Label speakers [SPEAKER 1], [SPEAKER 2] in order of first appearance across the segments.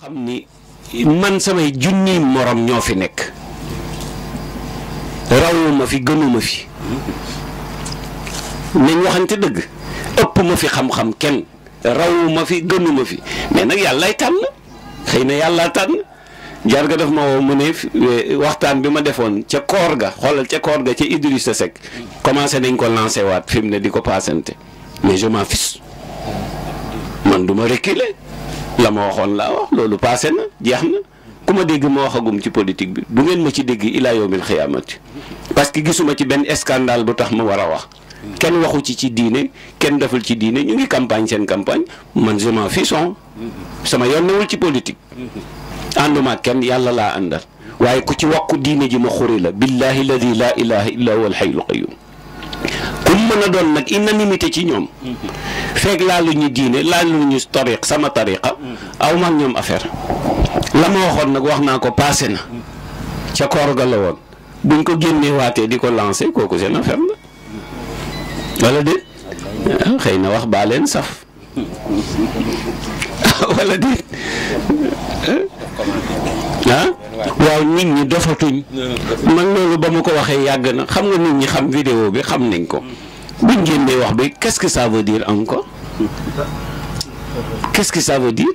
[SPEAKER 1] xam ni man samay junni morom ñoo fi nekk rawuma fi gënuma fi nañ waxante dëgg ëpp ma fi xam-xam kenn rawuma fi gënuma fi mais nag yàllaay tànn xëy na yàllaa tànn jar ga daf ma woo mu ne eh, waxtaan bi ma defoon ca koor ga xoolal ca koor ga ca Idrissa Seck commencé nañ ko lancé waat fi mu ne di ko paasante mais je man du ma la ma waxoon laa wax loolu passé na jeex na ku ma dégg ma waxagum ci politique bi bu ngeen ma ci dégg ilaa yawmil xiyaamati parce que gisuma ci benn scandale bu tax ma war a wax. kenn waxu ci ci diine kenn deful ci diine ñu ngi campagne seen campagne man je m'en fiche sama yoon ci politique. ànduma kenn yàlla laa àndal. waaye ku ci wàkku diine ji ma xuri la billahi ladi laa ilaha illa huwa alxayyul qayyum ku mën a doon nag unanimité ci ñoom. fekk laalu ñu diine laalu ñu tariq sama tariqa mm-hmm. aw ma ak ñoom affaire la ma waxoon nag wax naa ko passé na ca koor ga la woon buñ ko génnee waatee di ko lancé kooku seen affaire la wala de ah, xëy na wax baa leen saf wala de ah waaw nit ñi dofatuñ man loolu ba ma ko waxee yàgg na xam nga nit ñi xam vidéo bi xam nañ ko mm-hmm. buñ génnee wax bi qu'est-ce que ça veut dire encore qu'est-ce que ça veut dire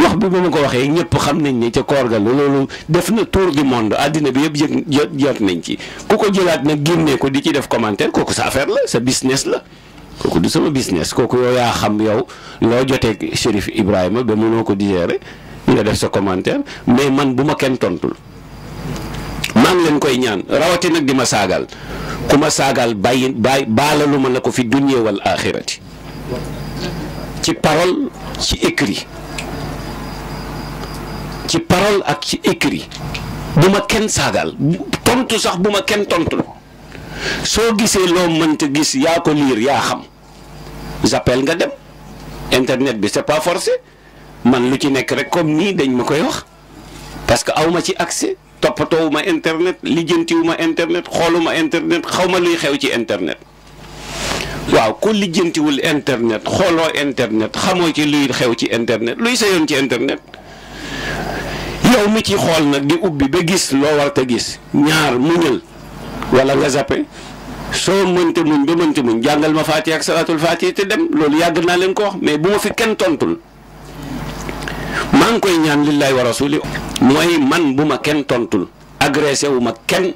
[SPEAKER 1] wax bi ba ma ko waxee ñëpp xam nañ ni ca koor la loolu def na tour du monde àddina bi yëpp yëg jot nañ ci ku ko jëlaat nag génnee ko di ci def commentaire kooku sa affaire la sa business la kooku du sama business kooku yow yaa xam yow loo jotee Chérif Ibrahima ba mënoo ko digérer nga def sa commentaire mais man bu ma kenn tontu maa ngi leen koy ñaan rawati nag di ma saagal ku ma saagaal bàyyi bàyyi baalalu ma la ko fi dunya wal ci parole ci écrit ci parole ak ci écrit bu ma kenn saagaal tontu sax bu ma kenn tontu soo gisee loo mënta gis yaa ko liir yaa xam j'appelle nga dem internet bi c'est pas forcé man lu ci nekk rek comme nii dañ ma koy wax parce que awma ci accès toppatoowuma internet lijjantiwuma internet xooluma internet xawma luy xew ci internet waaw ko lijjantiwul internet xooloo internet xamoo ci luy xew ci internet luy sa yoon ci internet yow mi ci xool nag di ubbi ba gis loo war gis ñaar muñal wala nga zappe soo mënte muñ ba mënte muñ jàngal ma faati ak salaatul faati te dem loolu yàgg naa leen ko wax mais bu ma fi kenn tontul maa ngi koy ñaan lillahi wa rasuli mooy man bu ma kenn tontul agressé wu ma kenn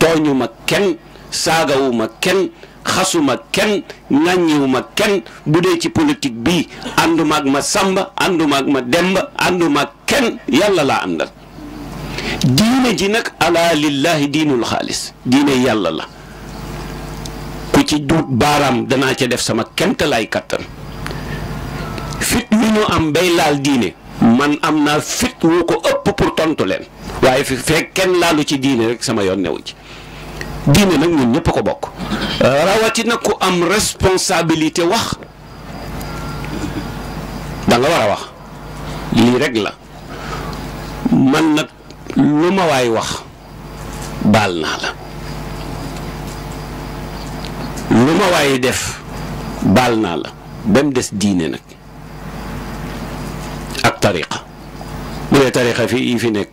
[SPEAKER 1] tooñu ma kenn saagawuma kenn xasuma kenn ŋàññiwuma kenn bu dee ci politik bi ànduma ak ma sàmb ànduma ak ma demba ànduma kenn yàlla laa àndal diine ji nag ala lillahi diinul xaalis diine yàlla la ku ci duut baaraam danaa ca def sama kemtalaay kàttan fit mi ñu am bay laal diine man am naa fit wu ko ëpp pour tontu leen waaye fi fekk kenn laalu ci diine rek sama yoon newu ci diine nag ñun ñëpp ko bokk nag ku am responsabilité wax da war a wax lii rek la man nag lu ma waay wax baal naa la lu ma waay def baal naa la ba mu des diine nag tariqa bu dee tariqa fii yi fi nekk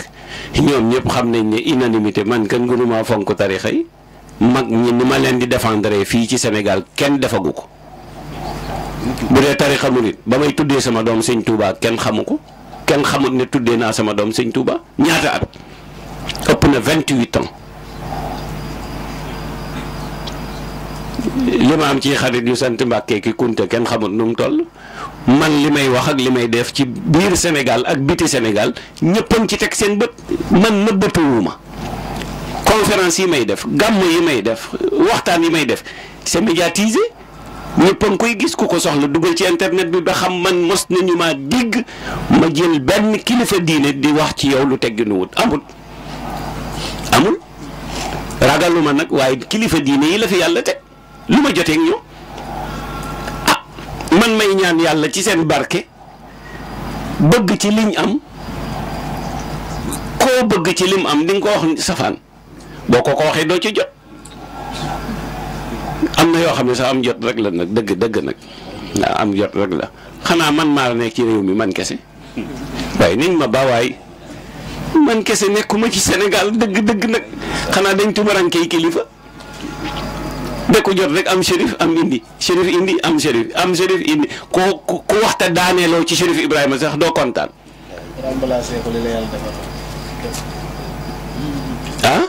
[SPEAKER 1] ñoom ñëpp xam nañ ne unanimité man kenn gënumaa fonk tariqa yi mag ñi ni ma leen di défendre fii ci Sénégal kenn defagu ko bu dee tariqa murit ba may tuddee sama doom sëñ Touba kenn xamu ko kenn xamut ne tuddee naa sama doom sëñ Touba ñaata at ëpp na 28 ans. li ma am ci xarit yu sant Mbàkke ki kunte kenn xamut nu mu toll man li may wax ak li may def ci biir Sénégal ak biti Sénégal ñëppan ci teg seen bët man nëbbatuwuma conférence yi may def gàmm yi may def waxtaan yi may def c'est médiatisé ñëpp koy gis ku ko soxla dugal ci internet bi ba xam man mos nañu maa digg ma jël benn kilifa diine di wax ci yow lu teggi nu wut amul amul ragaluma nag waaye kilifa diine yi la fi yàlla teg lu ma jotee ak ñoom ah man may ñaan yàlla ci seen barke bëgg ci liñ am koo bëgg ci lim am di nga ko wax safaan boo ko ko waxee doo ci jot am na yoo xam ne sax am jot rek la nag dëgg dëgg nag waaw am jot rek la xanaa man maa nekk ci réew mi man kese waaye niñ ma ba man kese nekkuma ci Sénégal dëgg dëgg nag xanaa dañ tubaranke kilifa da ko rek am shérif am indi shérif indi am shérif am shérif indi ko ku waxta daaneeloo ci shérif Ibrahima sax doo kontaan. Ah?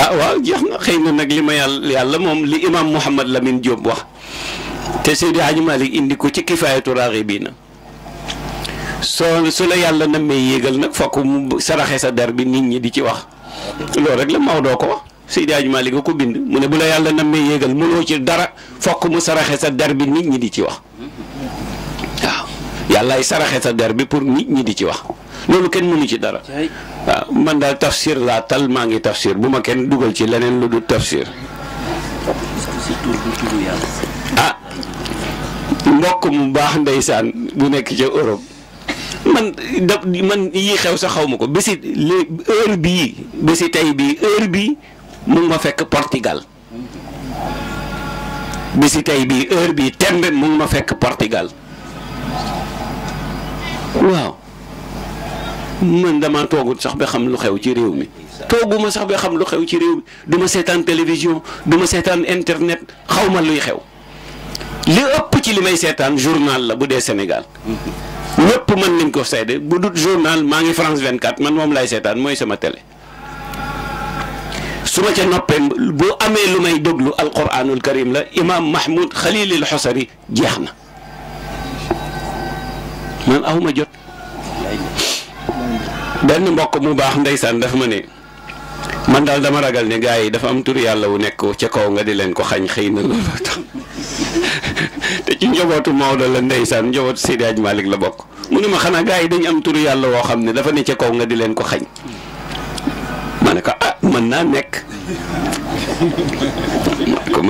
[SPEAKER 1] ah. waaw jeex na xëy na nag li ma yàlla moom li imam Mouhamad Lamine Diop wax te Seydi Hadji indi ko ci kifaayatu raaxibiina soo su la yàlla na may yéegal nag fokk mu saraxe sa der bi nit ñi di ci wax loolu rek la Maodo ko wax. Seydi Hadji Malick nga ko bind mu ne bu la yàlla nammee yéegal mënoo ci dara fokk mu saraxe sa der bi nit ñi di ci wax waaw ay saraxe sa der bi pour nit ñi di ci wax loolu kenn mënu ci dara waaw man daal tafsir laa tal maa ngi tafsir bu ma kenn dugal ci leneen lu dul tafsir ah mbokk mu baax ndeysaan bu nekk ca Europe man da man yii xew sa xaw ma ko bési heure bii bési tey bii heure bii mu ma fekk portigal bi si tey bii heure bii tembe mu ngi ma fekk portigal waaw man dama toogul sax ba xam lu xew ci réew mi tooguma sax ba xam lu xew ci réew mi du ma seetaan télévision du ma seetaan internet xaw ma luy xew li ëpp ci li may seetaan journal la bu dee Sénégal ñëpp mën nañ ko seede bu dut journal maa ngi France 24 man moom laay seetaan mooy sama tele su ma ca noppee bu amee lu may déglu alquranul karim la imaam Mahmoud Khalilil Xosari jeex na man aw jot. benn mbokk mu baax ndeysaan dafa ma ne man daal dama ragal ne gaa yi dafa am tur yàlla wu nekk ca kaw nga di leen ko xañ xëy na looloo tax te ci njabootu Maodo la ndeysaan njabootu Seydi Hadj Malick la bokk mu ne ma xanaa gars yi dañ am tur yàlla woo xam ne dafa ne ca kaw nga di leen ko xañ. mën naa mën naa nekk ko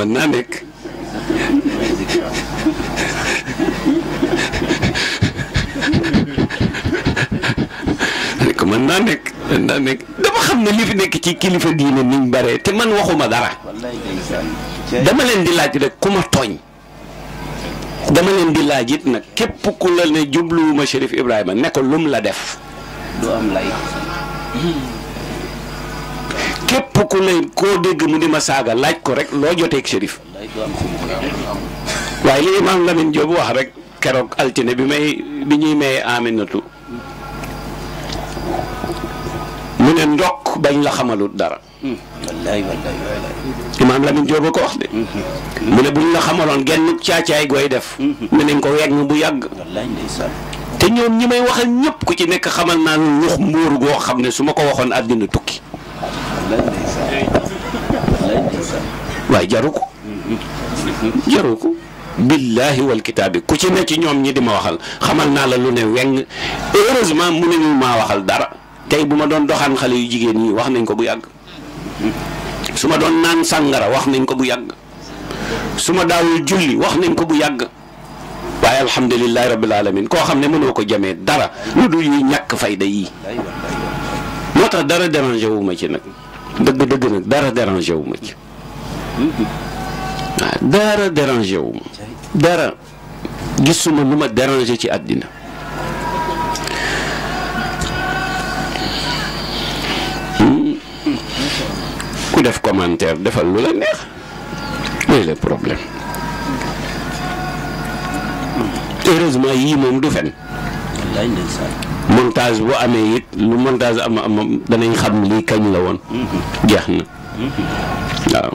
[SPEAKER 1] mën nekk dama xam ne li fi nekk ci kilifa diine niñ bare te man waxuma dara dama leen di laaj rek ku ma tooñ dama leen di laaj it nag képp ku la ne jubluwuma Cherif Ibrahima ne ko lum la def képp ku lay koo dégg mu di ma saaga laaj ko rek loo joteeg shérif waaye li imaam Lamine Diop wax rek keroog altine bi may bi ñuy maye aminatu mu ne ndokk bañ la xamalut dara. wallaay wallaay imaam Lamine Diop a ko wax de. Mm-hmm. mu ne buñ la xamaloon genn caacaay gooy def. Mm-hmm. ne nañ ko wegg bu yàgg. wallaay te ñoom ñi may waxal ñëpp ku ci nekk xamal naa lu ñux mbóor goo xam ne su ma ko waxoon àddina tukki. waaye jaru ko jaru ko billaahi wal ku ci ne ci ñoom ñi di ma waxal xamal naa la lu ne weng heureusement mu ne ñu maa waxal dara tey bu ma doon doxaan xale yu jigéen ñi wax nañ ko bu yàgg su ma doon naan sàngara wax nañ ko bu yàgg su ma daawul julli wax nañ ko bu yàgg waaye alhamdulilahi rabbil alamin koo xam ne mënoo ko jamee dara lu dul ñuy ñàkk fayda yii moo tax dara dérangé wu ci nag dëgg dëgg nag dara dérangé wu ma ci hmm? dara dérangé dara gisuma lu ma dérangé ci àddina hmm? ku def commentaire defal lu la neex loolu le problème hmm. heureusement yii moom du fen montage bu amee it lu montage am am danañ xam lii kañ la woon. jeex na waaw.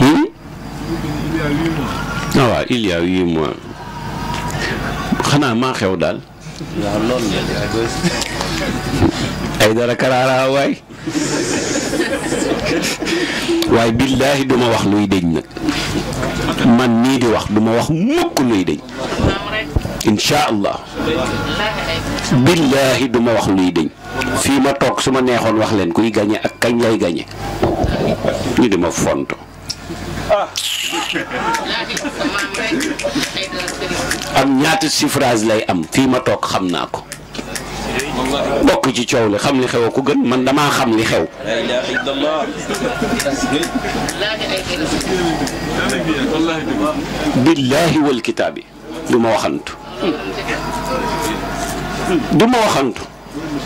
[SPEAKER 1] Hmm? ah waaw il xanaa maa xew daal. ay dara karaaraa waay waaye billaahi duma wax luy dëñ nag man nii di wax duma wax mukk luy dëñ incha allah billaahi du ma wax luy dëñ fii ma toog su ma neexoon wax leen kuy gañe ak kañ lay gañe ñu di ma font am ñaati suffrage lay am fii ma toog xam naa ko bokk ci coow li xam li xew a ko gën man damaa xam li xew billaahi wal kitaabi du du ma waxantu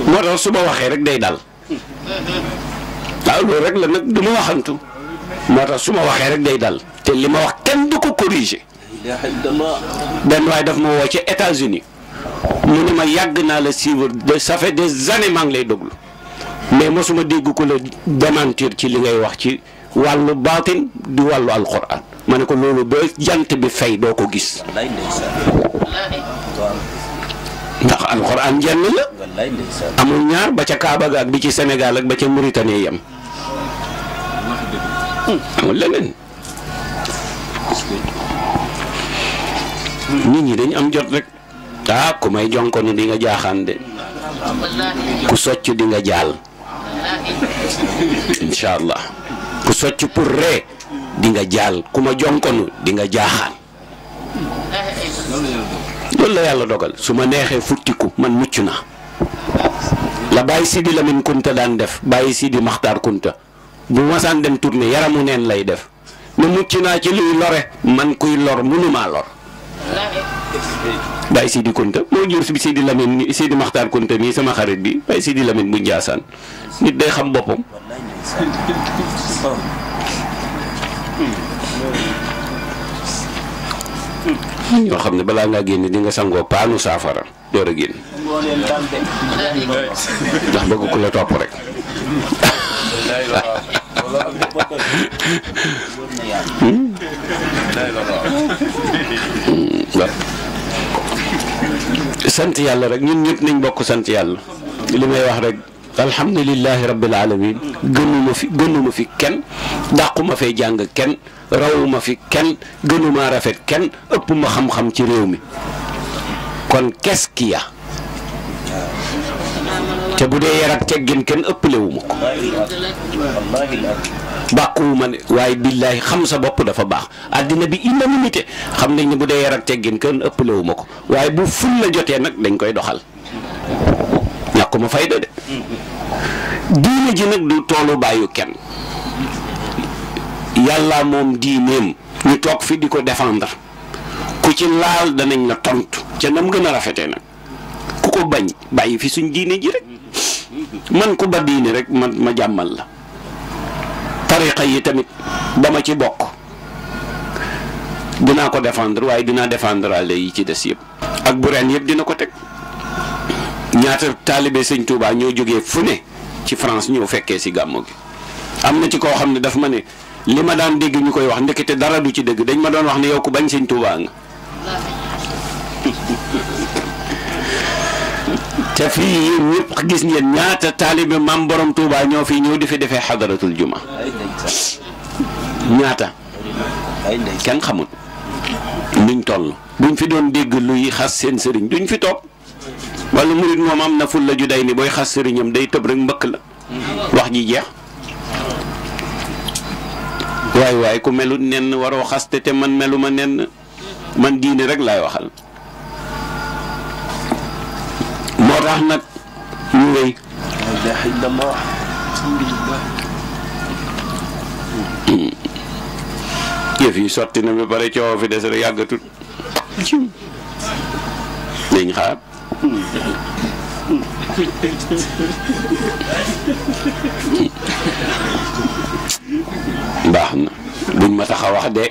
[SPEAKER 1] moo tax su ma waxee rek day dal waaw rek la nag ma waxantu moo tax su ma waxee rek day dal te li ma wax kenn du ko corriger dan waaye daf ma woo ci États-Unis mu ne ma yàgg naa la suivre de ça fait des années maa ngi lay déglu mais mosuma dégg ko la démentir ci li ngay wax ci wàllu baatin du wàllu alquran ma ne ko loolu ba jant bi fay doo ko gis ndax alxuraan jenn la amul ñaar ba ca Kaaba ga ak bi ci Sénégal ak ba ca Mauritanie yam amul leneen nit ñi dañ am jot rek ah ku may jonkonu di nga jaaxaan de ku socc di nga jaal incha ku socc pour ree di nga jaal ku ma jonkonu di jaaxaan loolu la yàlla dogal su ma neexee futtiku man mucc na la bàyyi Sidi Lamine Kunta daan def bàyyi Sidi Maxtaar Kunta bu masaan dem tournée yaramu neen lay def ne mucc naa ci luy lore man kuy lor mënumaa lor bàyyi Sidi Kunta moo jur bi Sidi Lamine Sidi Maxtaar Kunta mii sama xarit bi bàyyi Sidi Lamine bu Njaasaan nit day xam boppam nga xam ne balaa ngaa génn di nga sangoo paanu saafara door a génn ndax bëgg ku la topp rek hmm? Hmm? Hmm. sant yàlla rek ñun ñëpp nañ bokk sant yàlla li may wax rek alhamdulilahi rabbil alamin gënuma fi gënuma fi kenn dàquma fi jàng kenn rawuma fi kenn gënuma rafet kenn ëpp ma xam-xam ci réew mi kon qu'est-ce qu'il te bu dee yar ak teggin kenn ëpplewuma ko bàkkuwuma ne waaye billaahi xam sa bopp dafa baax àddina bi unanimité xam nañ ne bu dee yar ak teggin kenn ëpplewuma ko waaye bu ful la jotee nag dañ koy doxal ñàkkuma fayda de diine ji nag du toolu bàyyu kenn yàlla moom diineem ñu toog fi di ko défendre ku ci laal danañ la tontu ca nam gën a rafetee nag ku ko bañ bàyyi fi suñ diine ji rek man ku ba diine rek man ma jàmmal la tariqa yi tamit ma ci bokk dinaa ko défendre waaye dinaa défendre ale yi ci des yëpp ak bureen yëpp dina ko teg ñaata taalibe sëñ tuubaa ñoo jógee fu ne ci France ñëw fekkee si gàmmu gi am na ci koo xam ne dafa ma ne li ma daan dégg ñu koy wax ndekete dara du ci dégg dañ ma doon wax ne yow bañ sëñ Touba nga. te fii yéen gis ngeen ñaata taalibe maam borom tuubaa ñoo fi ñëw di fi defee xadaratul juma ñaata kenn xamul nuñ toll buñ fi doon dégg luy xas seen sëriñ duñ fi toog. walla murit moom am na ful la ju day ni booy xas sëriñam day tëb rek mbëkk la wax ji jeex waay waay ku melut nenn waroo xaste te man meluma nenn man diine rek laay waxal moo tax nag ñu wéy yëf yi sotti na ba pare coow fi des rek yàggatut dañ xaar baax na duñ ma tax wax de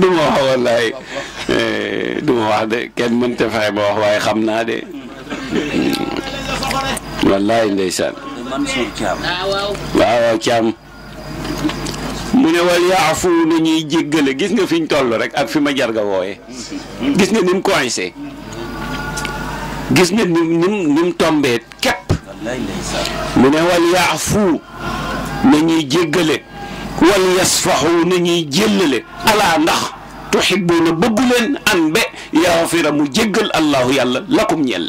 [SPEAKER 1] du ma wax wallaay du ma wax de kenn mënta fexe ba wax waaye xam naa de wallaay ndeysaan waaw waaw Thiam mu ne wal yaafu nañuy jéggale gis nga fi ñu toll rek ak fi ma jarga wooye gis nga ni mu gis nga ni mu ni mu tombee képp mu ne wal yaafu nañuy jéggale wal yasfaxu nañuy jéllale alaa ndax tuxibbuuna bëggu leen an be yaafira mu jéggal allahu yàlla lakum ñeel